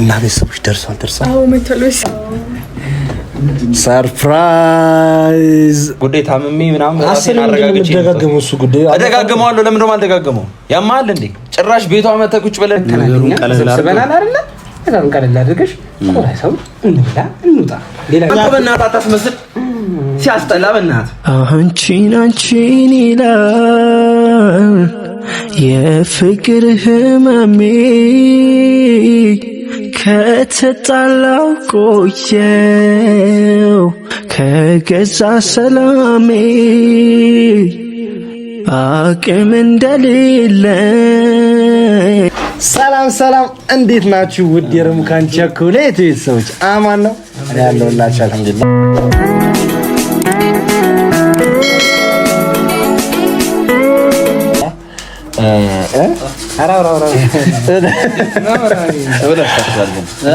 እና ቤተሰቦች ደርሷል ደርሷል። ሰርፕራይዝ ጉዳይ ታምሜ ምናምን አረጋግጬ እሱ ጉዳይ አደጋግመዋለሁ። ለምን ደሞ አልደጋግመው ያማል እንዴ? ጭራሽ ቤቷ መተህ ቁጭ ብለን ሰብስበናል አይደለ? ነገሩን ቀለል አድርገሽ ቆይ ሰው እንብላ እንውጣ። ሌላ በእናትህ አታስመስል፣ ሲያስጠላ በእናትህ አንቺን አንቺን ይላል የፍቅር ህመሜ ከተጣላው ቆየው ከገዛ ሰላሜ አቅም እንደሌለ። ሰላም ሰላም፣ እንዴት ናችሁ? ውድ የረሙካን ቸኮሌት ቤተሰቦች አማን ነው ያለውላቸው አልሐምዱሊላህ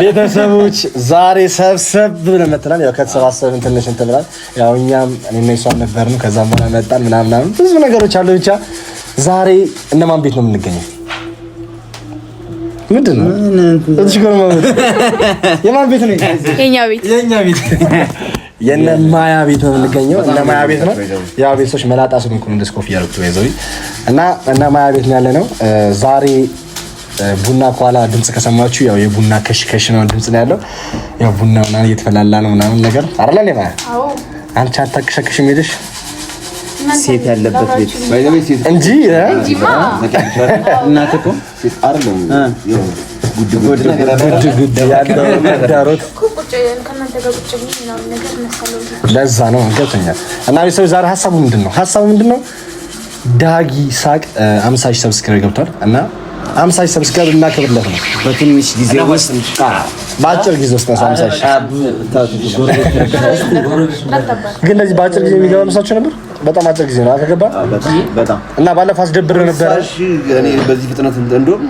ቤተሰቦች ዛሬ ሰብሰብ ብለን መጥተናል። ያው ከተሰባሰብን ትንሽ እንትን ብለን ያው እኛም እኔና እሷም ነበርን። ከዛም በኋላ መጣን ምናምን ብዙ ነገሮች አሉ። ብቻ ዛሬ እነማን ቤት ነው የምንገኘው? ምንድን ነው የማን ቤት ነው? የኛ ቤት የእነ ማያ ቤት ነው የምንገኘው። እነ ማያ ቤት ነው ያው ቤቶች መላጣ ስለሆንኩ ነው እንደዚህ ኮፍ እያደረኩት እና እነ ማያ ቤት ነው ያለ ነው ዛሬ ቡና ከኋላ ድምጽ ከሰማችሁ ያው የቡና ከሽከሽ ነው ድምጽ ነው ያለው። ያው ቡና ምናምን እየተፈላላ ነው ምናምን ነገር አይደለ ለማ አንቺ አታከሸከሽም ሄደሽ ሴት ያለበት ቤት እንጂ እናት እኮ ሴት አይደለም ጉድ ጉድ ያለው መዳሮት ለዛ ነው ገብቶኛል። እና ቤተሰብ ዛሬ ሀሳቡ ምንድን ነው? ሀሳቡ ምንድን ነው? ዳጊ ሳቅ አምሳ ሺህ ሰብስክራይብ ገብቷል እና አምሳ ሺህ ሰብስክራይብ እናከብርለት ነው በትንሽ ጊዜ ውስጥ በአጭር ጊዜ ውስጥ ነው። አምሳ ሺህ ግን እንደዚህ በአጭር ጊዜ የሚገባ መሳችሁ ነበር። በጣም አጭር ጊዜ ነው አልከገባ እና ባለፈው አስደብር ነበር በዚህ ፍጥነት እንደውም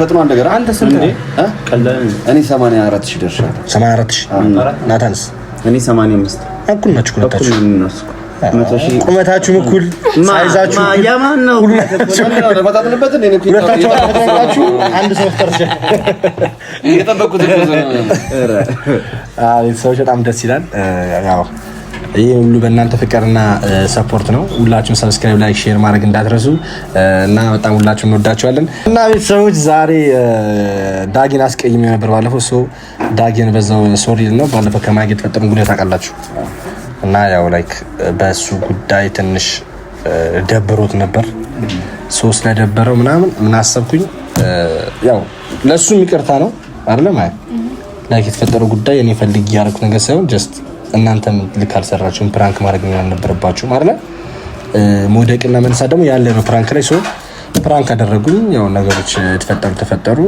ፈጥኖ አንድ ነገር አንተ ስንት ነህ? እኔ 84 ሺህ ደርሻለሁ። 84 ሺህ ናታንስ? እኔ 85 እኩል ናችሁ። ቁመታችሁም እኩል ሳይዛችሁ ነው ሁለታችሁ አንድ ሰው ቤተሰቦች በጣም ደስ ይላል። ያው ይህ ሁሉ በእናንተ ፍቅርና ሰፖርት ነው። ሁላችሁም ሰብስክራይብ፣ ላይክ፣ ሼር ማድረግ እንዳትረሱ እና በጣም ሁላችሁ እንወዳችኋለን እና ቤተሰቦች ዛሬ ዳጊን አስቀይም ነበር ባለፈው። ሶ ዳጊን በዛው ሶሪ ነው ባለፈው ከማጌት ፈጠሩ ጉዳይ ታውቃላችሁ። እና ያው ላይክ በእሱ ጉዳይ ትንሽ ደብሮት ነበር። ሶ ስለደበረው ምናምን ምን አሰብኩኝ ያው ለእሱም ይቅርታ ነው አይደለም ላይክ የተፈጠረው ጉዳይ እኔ ፈልግ እያደረኩት ነገር ሳይሆን ጀስት እናንተም ልክ አልሰራችሁም። ፕራንክ ማድረግ አልነበረባችሁም አለ መውደቅና መነሳት ደግሞ ያለ ነው ፕራንክ ላይ ሲሆን ፕራንክ አደረጉኝ። ያው ነገሮች ተፈጠሩ ተፈጠሩ።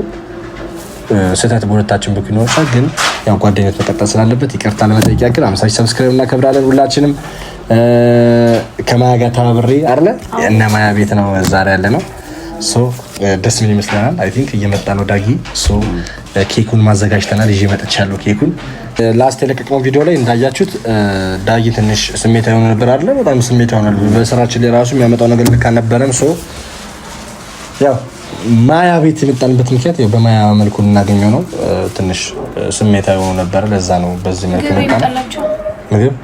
ስህተት በሁለታችን በኩል ይኖራል፣ ግን ያው ጓደኝነት መቀጠል ስላለበት ይቅርታ ለመጠየቅ ያክል አምሳ ሰብስክራይብ እናከብራለን ሁላችንም። ከማያ ጋር ተባብሬ አለ እነ ማያ ቤት ነው ዛሬ ያለ ነው። ደስ ምን ይመስለናል። አይ ቲንክ እየመጣ ነው ዳጊ ኬኩን ማዘጋጅተናል። ይዤ መጥቻለሁ ኬኩን። ላስት የለቀቅነው ቪዲዮ ላይ እንዳያችሁት ዳጊ ትንሽ ስሜት የሆነ ነበር አለ። በጣም ስሜት ይሆናል። በስራችን ላይ ራሱ የሚያመጣው ነገር ልክ አልነበረም። ሶ ያው ማያ ቤት የመጣንበት ምክንያት በማያ መልኩ ልናገኘው ነው። ትንሽ ስሜታ የሆኑ ነበረ። ለዛ ነው በዚህ መልኩ መጣ። ምግብ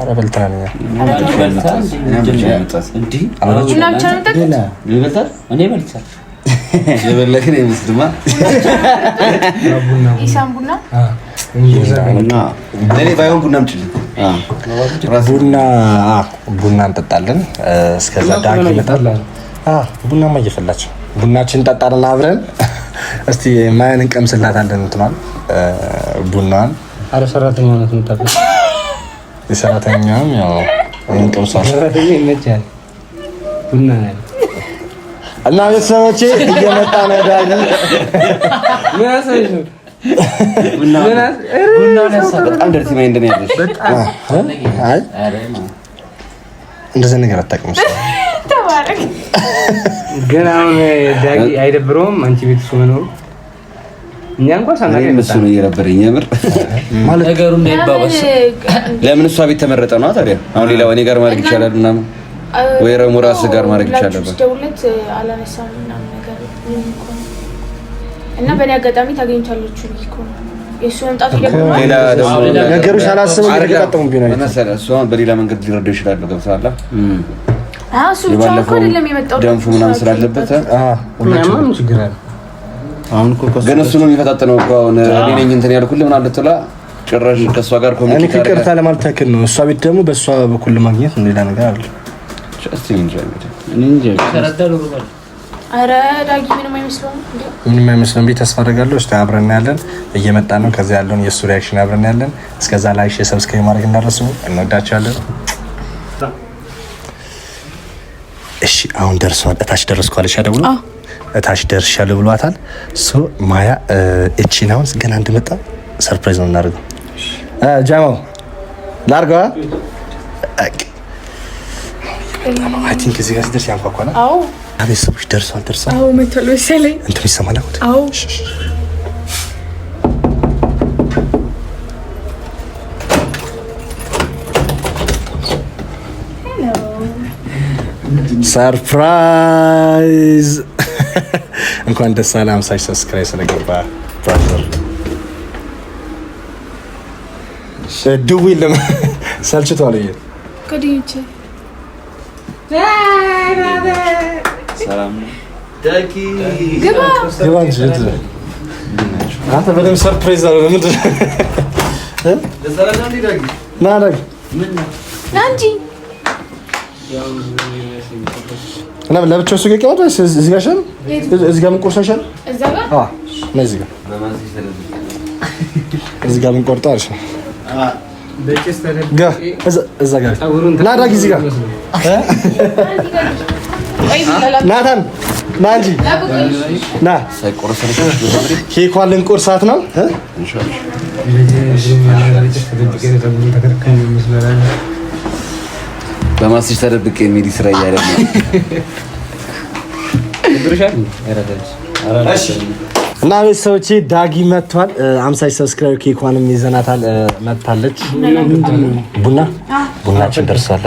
አረ በልተናል። እኛ የበለክን የምስድማ ለእኔ ባይሆን ቡና ቡና ቡና እንጠጣለን። እስከዛ ይመጣል። ቡናማ እየፈላች ቡናችን እንጠጣለን አብረን። እስቲ ማያን እንቀምስላታለን። እንትኗል አረ ሰራተኛ ነት የሰራተኛም ያው እንቀምሷል ቡና እና ቤተሰቦቼ እየመጣ ነው ዳኒ። በጣም ደርቲ ማይንድ ነው ያለሽ። እንደዚህ ነገር አታውቅም። ግን አሁን ዳጊ አይደብረውም አንቺ ቤት እሱ መኖሩ እኛ እንኳን ሳናገኝ እሱ ነው እየነበረኝ የምር ማለት ነገሩ እንዳይባባስ ለምን እሷ ቤት ተመረጠ ነው ታዲያ። አሁን ሌላ ወኔ ጋር ማድረግ ይቻላል ምናምን ወይ ረሙ ራስ ጋር ማድረግ ይቻላል ነበር። ደውለት አላነሳም ነገር እና በእኔ አጋጣሚ ታገኝቻለች እኮ ነው በሌላ መንገድ ሊረዳው ይችላል። ገብቶሃል? እሱ ብቻ እኮ አይደለም የመጣው ደንፉ ምናምን ስላለበት ግን እሱ ነው የሚፈታተነው እኮ አሁን እኔ ነኝ እንትን ያልኩልህ ምናምን ልትላ ጭራሽ ከእሷ ጋር ኮሚኒኬት ይቅርታ ለማለት ያክል ነው። እሷ ቤት ደግሞ በእሷ በኩል ማግኘት ሌላ ነገር አለ ጀስት ኢንጆይ ሜድ ኢንጆይ ኧረ ዳጊ ምንም አይመስለውም፣ ምንም አይመስለውም። ቤት ተስፋ አደርጋለሁ። እስቲ አብረን ያለን እየመጣ ነው። ከዛ ያለውን የእሱ ሪያክሽን አብረን ያለን። እስከዛ ላይ ሼር፣ ሰብስክራይብ ማድረግ እንዳረሱ። እንወዳቸዋለን። እሺ አሁን ደርሷል። እታች ደረስኳል። እሺ አደውሎ እታች ደርሻለሁ ብሏታል። ሶ ማያ እቺን አሁን ገና እንደመጣ ሰርፕራይዝ ነው እናደርገው። ጃማው ላርገዋ አይ ቲንክ እዚህ ጋር ሲደርስ ያንኳኳል። አዎ ቤተሰቦች ደርሷል። ደርሷል። አዎ መቷል መሰለኝ። እንትን ይሰማል። አዎ ሰርፕራይዝ! እንኳን ደስ አለ። አምሳሽ ሰብስክራይብ ስለገባ ብራዘር ሰልችቷል። አንተ በደምብ ሰርፕራይዝ አለው። ምንድን ነው ለብቻው እሱ ጋር ይቀመጥ እዚህ ጋር ይሻል? እዚህ ጋር የምንቆርሰው ይሻል? አዎ እዚህ ጋር የምንቆርጠው አሪፍ ነው። እዛ ጋር ና ዳጊ እዚህ ጋር ናታን ና እንጂ ና። ኬኳን ልንቆርሳት ነው። በማስሽ ተደብቄ የሚል ስራ እያለ እና ቤተሰቦቼ ዳጊ መጥቷል። አምሳሽ ሰብስክራይብ ኬኳንም ይዘናታል። መጥታለች። ቡና ቡናችን ደርሷል።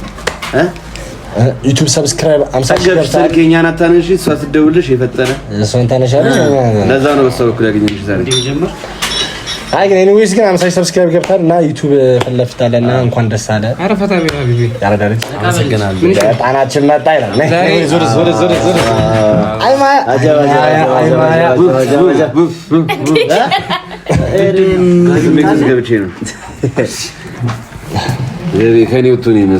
ዩቱብ ሰብስክራይብ 50 ሺህ ገብታ ከኛ ናታነሽ እሷ ስትደውልሽ የፈጠረ እሷን ታነሻለሽ። ለዛ ነው በሰው በኩል ያገኘሽ ዛሬ ጀምር። አይ ግን ኤኒዌይስ ግን 50 ሰብስክራይብ ገብታል እና ዩቲዩብ ፈለፍታለና እንኳን ደስ አለ። አረፈታ ቢራ ቢቢ ያረዳለች። አመሰግናለሁ። ጣናችን መጣ ይላል። አይ ማ አጃ አጃ አይ ማ አጃ ከኔ ወጥቶ ነው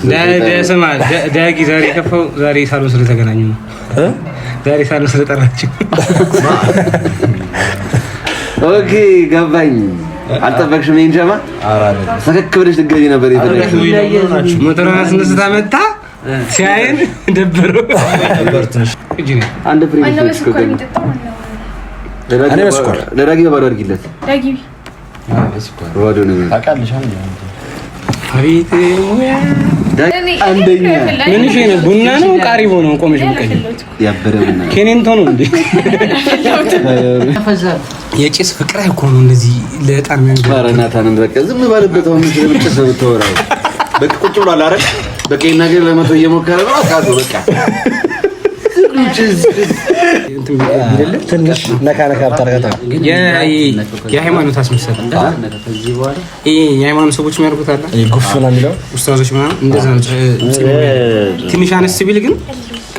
ስማ ዳጊ ዛሬ የከፋው ዛሬ ሳሎን ስለተገናኙ ነው። ዛሬ ሳሎን ስለጠራችው ኦኬ ገባኝ። አልጠበቅሽም። ይሄን ጀማ ሰከክ ብለሽ ነበር። ሞተር አስነስታ መታ ሲያይን ደብረው አንድ ፍሬ ለዳጊ ባዶ አድርጊለት አንደኛ ምን እሺ ነው? ቡና ነው ቃሪቦ ነው? ቆመሽ ምቀኝ ያበረ ቡና ኬኔንቶ ነው እንዴ? የጭስ ፍቅር እኮ ነው እንደዚህ ለጣም ያን ባረናታን በቃ ዝም ባለበት ሆኖ ምን ጭስ ብታወራው በቃ ቁጭ ብሏል። አረ በቃ ይናገር ለመቶ እየሞከረ ነው አቃቶ በቃ ትንሽ ነካ ነካ ብታረጋታ የሃይማኖት አስመሰል የሃይማኖት ሰዎች የሚያደርጉት አለ ጉፍና የሚለው ኡስታዞች ምናምን እንደዛ ትንሽ አነስ ቢል ግን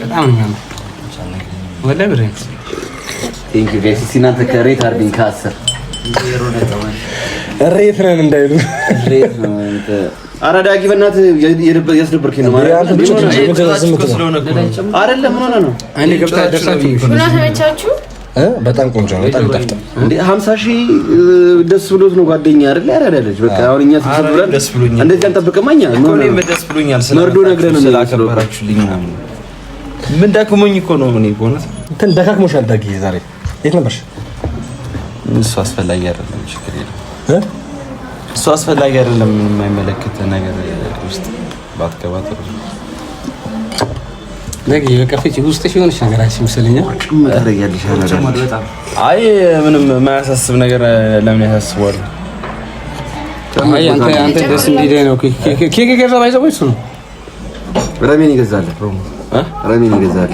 በጣም ነው የሚያምር። ወላሂ ብር እናንተ ከሬት አድርገኝ ከአስር ሬት ነን እንዳይሉ ኧረ ዳጊ በእናትህ ያስደብርክኝ ነው። አይደለም ምን ሆነህ ነው? በጣም ቆንጆ ነው። በጣም ይጣፍጣል። እንደ ሀምሳ ሺህ ደስ ብሎት ነው ጓደኛ አይደል ያረዳለች። በቃ አሁን እኛ ደስ ብሎኛል። እንደዚህ አንጠብቅም። እኛ ደስ ብሎኛል መርዶ ነግረን ስላከበራችሁልኝ ምን ዳክሞኝ እኮ ነው። እኔ በእውነት እንትን ደካክሞሻል ዳጊ። ዛሬ የት ነበርሽ? እሱ አስፈላጊ አይደለም። ችግር የለም እሱ አስፈላጊ አይደለም። የማይመለከት ነገር ውስጥ ባትገባ ጥሩ ነገ የቀፈች ውስጥ የሆነች ነገር አይመስለኝም። አይ ምንም የማያሳስብ ነገር ለምን ያሳስበዋል? አንተ አንተ ደስ እንዲህ ነው። ኬክ ገዛ ባይዘው እሱ ነው ረሜን ይገዛል። ረሜን ይገዛል።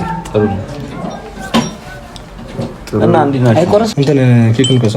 ጥሩ እና እንዲህ ናቸው። አይቆረስ እንትን ኬክን ቀሳ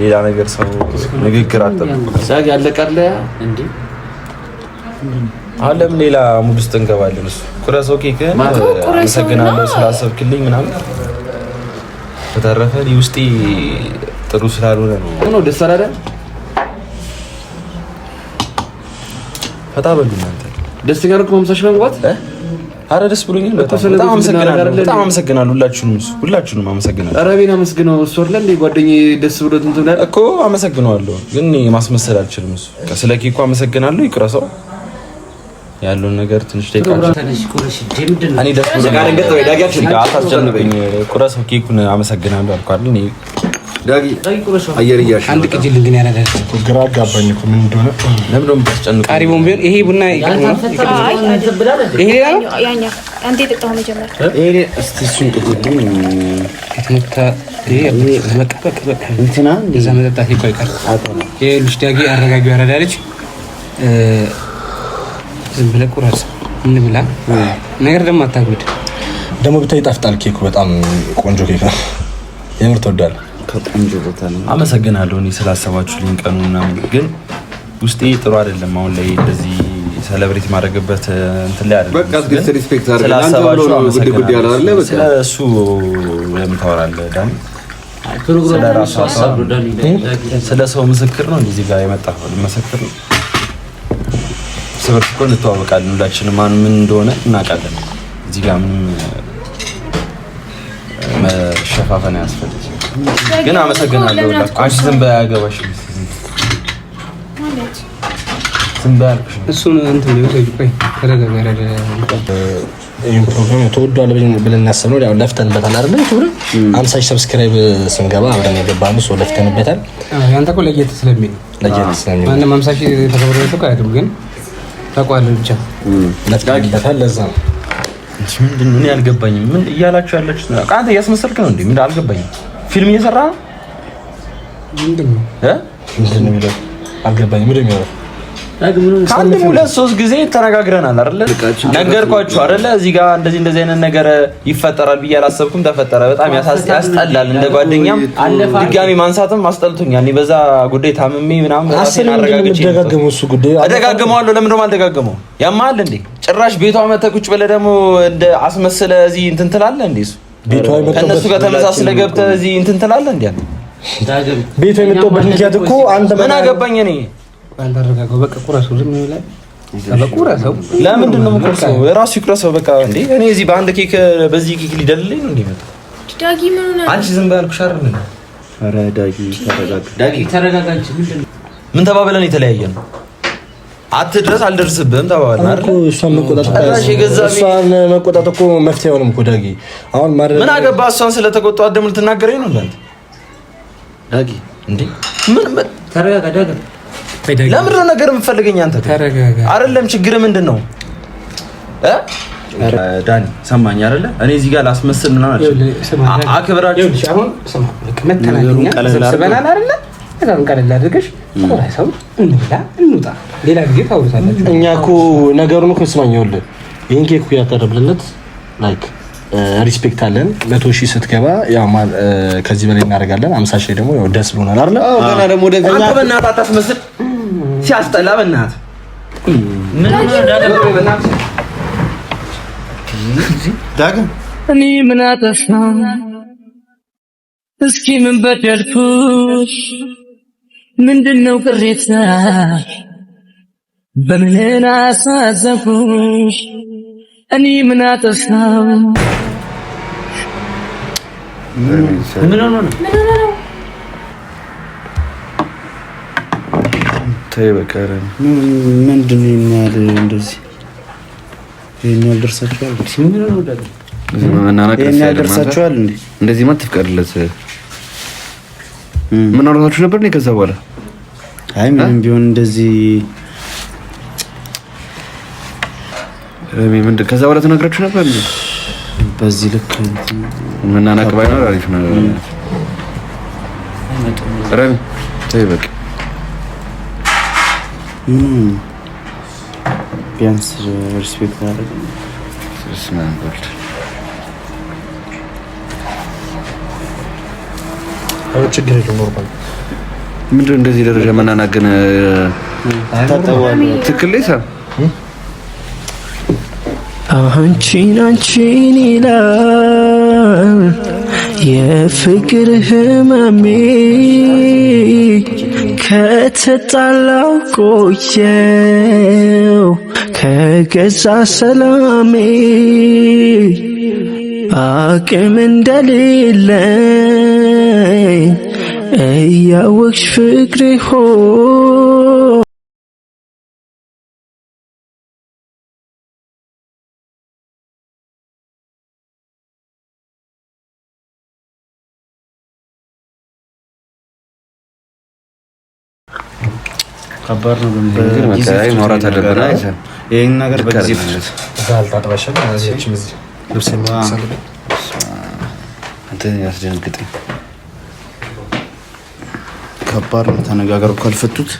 ሌላ ነገር ሰው ንግግር አጠብቅ አሁን አለም ሌላ ሙድ ውስጥ እንገባለን? እሱ ቁረስ ኦኬ። ግን አመሰግናለሁ ስላሰብክልኝ ምናምን። በተረፈ ውስጤ ጥሩ ስላልሆነ ነው። ደስ አላለም። ፈታ በሉ እናንተ። መምሳሽ መግባት አረ ደስ ብሎኛል። በጣም አመሰግናለሁ። በጣም አመሰግናለሁ። ሁላችሁንም እሱ ሁላችሁንም አመሰግናለሁ። አረ ቤና አመስግነው እሱ አይደል እንዴ ጓደኛዬ ደስ ብሎት እንትን አይደል እኮ አመሰግነዋለሁ፣ ግን ማስመሰል አልችልም። እሱ ስለ ኬኩ አመሰግናለሁ። ይቅረሰው ያለውን ነገር ትንሽ ደቂቃ አታስጨንቀኝ። ቁረሰው ኬኩን አመሰግናለሁ አልኳል። ዳጊ አየር አንድ ቅጅ ልንግን ግራ አጋባኝ እኮ ምን እንደሆነ። ለምን ቢሆን ይሄ ቡና ነገር ደግሞ አታግድ ደግሞ ብታይ ይጣፍጣል። ኬኩ በጣም ቆንጆ ኬክ ነው። የምር ትወዳለህ ከቆንጆ ቦታ ነው። አመሰግናለሁ እኔ ስላሰባችሁ ቀኑ ምናምን፣ ግን ውስጤ ጥሩ አይደለም አሁን ላይ እንደዚህ ሰለብሬት ማድረግበት እንትን ላይ አይደለም። በቃ ዲስሪስፔክት ስለ እሱ ለምን ታወራለህ ዳን? ስለ ሰው ምስክር ነው እንደዚህ ጋር የመጣ ምስክር ነው። ስብርት እኮ እንተዋወቃለን ሁላችንም ማን ምን እንደሆነ እናውቃለን። እዚህ ጋር ምንም መሸፋፈን አያስፈልግም። ግን አመሰግናለሁ። አንቺ ዝም በይ አያገባሽ። እሱን እንትን ፕሮግራም ተወዷል ብለን እናስብነው። ያው ለፍተንበታል አይደለ? ክብር አምሳ ሺህ ሰብስክራይብ ስንገባ አብረን የገባን ሰው ለፍተንበታል። ያንተ እኮ ለየት ስለሚል ለየት ስለሚል ማንም አምሳ ሺህ ተከብሮ እኮ ግን ታውቀዋለህ። ብቻ ለፍተንበታል። ለዛ ነው ምንድን ነው እኔ አልገባኝም። ምን እያላችሁ ያላችሁ አንተ እያስመሰልክ ነው እንዴ? ምን አልገባኝም ፊልም እየሰራ ነው። ምንድን ነው እ ምንድን ነው የሚለው አልገባኝም። ምንድን ነው ሁለት ሶስት ጊዜ ተነጋግረናል አይደለ? ነገርኳችሁ አይደለ? እዚህ ጋር እንደዚህ እንደዚህ አይነት ነገር ይፈጠራል ብዬ አላሰብኩም። ተፈጠረ። በጣም ያስጠላል። እንደ ጓደኛም ድጋሚ ማንሳትም አስጠልቶኛል። በዛ ጉዳይ ታምሜ ምናምን እደጋግመዋለሁ። ለምን ደሞ አልደጋግመው ያማል እንዴ? ጭራሽ ቤቷ መተህ ቁጭ ብለህ ደግሞ እንደ አስመስለ እዚህ እንትን ትላለህ እንዴ? እሱ ቤቷ ከእነሱ ጋር ተመሳስለ ገብተህ እዚህ እንትን ትላለህ። እንዲ ቤቷ የመጣሁበት ምክንያት እኮ አንተ ምን አገባኝ እኔ በቃ ዝም ለምንድን ነው የምቆርሰው? ራሱ ይቁረሰው በቃ። እንዴ እኔ እዚህ በአንድ ኬክ በዚህ ኬክ ሊደልልኝ ነው እንዴ? አንቺ ዝም በል ያልኩሽ አይደል? ኧረ ዳጊ ተረጋጋ፣ ዳጊ ተረጋጋ። ምን ተባብለን የተለያየ ነው? አትድረስ አልደርስብህም ተባባልን መቆጣት እኮ መፍትሄ አይሆንም እኮ ዳጊ። አሁን ምን አገባ እሷን ስለተቆጣሁ ደግሞ ልትናገረኝ ነው እንዴ? ዳጊ እንዴ ምን ተረጋጋ። ለምንድን ነው ነገር የምትፈልገኝ አንተ? ተረጋጋ። አይደለም ችግር ምንድን ነው ዳኒ ሰማኝ አይደለ? እኔ እዚህ ጋር ላስመስል ምናምን አልችልም። አክብራችሁ አሁን ስማ፣ መተናኛ ሰብስበናል አይደለ በጣም ቀለል አድርገሽ ሰው እንብላ እንውጣ። ሌላ ጊዜ ታውሳለች። እኛ እኮ ነገሩን እኮ ስማኝ፣ ይኸውልህ ይህን ኬክ ያቀረብልለት ላይክ ሪስፔክት አለን። መቶ ሺህ ስትገባ uh, ከዚህ በላይ እናደርጋለን። አምሳ ሺህ ደግሞ ያው ደስ ብሎናል አለ ገና ደግሞ በእናትህ አታስመስል፣ ሲያስጠላ በእናትህ እኔ ምን አጠፋ እስኪ ምን በደልኩሽ? ምንድነው ቅሬታ? በምን አሳዘንኩሽ? እኔ ምን አጠፋው? ምን ነው? ተይ በቃ ምንድን ነው እንደዚህ ይሄን ያህል ደርሳችኋል? ምን ነው? እንደዚህ ማ ትፍቀድለት ምን አውራታችሁ ነበር? ነው ከዛ በኋላ አይ ምንም ቢሆን እንደዚህ ምንድን ከዛ በኋላ ተናግራችሁ ነበር? በዚህ ልክ ምናናቅ ባይኖር አሪፍ ነው። ረሚ ተይ በቃ ቢያንስ ሪስፔክት ችግር የለውም። ኖርማል ምንድን እንደዚህ ደረጃ መናናገን? ትክክል ላይ አንቺን አንቺን ይላል የፍቅር ህመሜ ከተጣላው ቆየው ከገዛ ሰላሜ አቅም እንደሌለኝ እያወቅሽ ፍቅሬ ሆይ ከባድ ነው። ማውራት አለብን። ይህን ነገር በጊዜ ፍጭት ልብስ እንትን ያስደነግጠኝ ከባድ ተነጋገር ካልፈቱት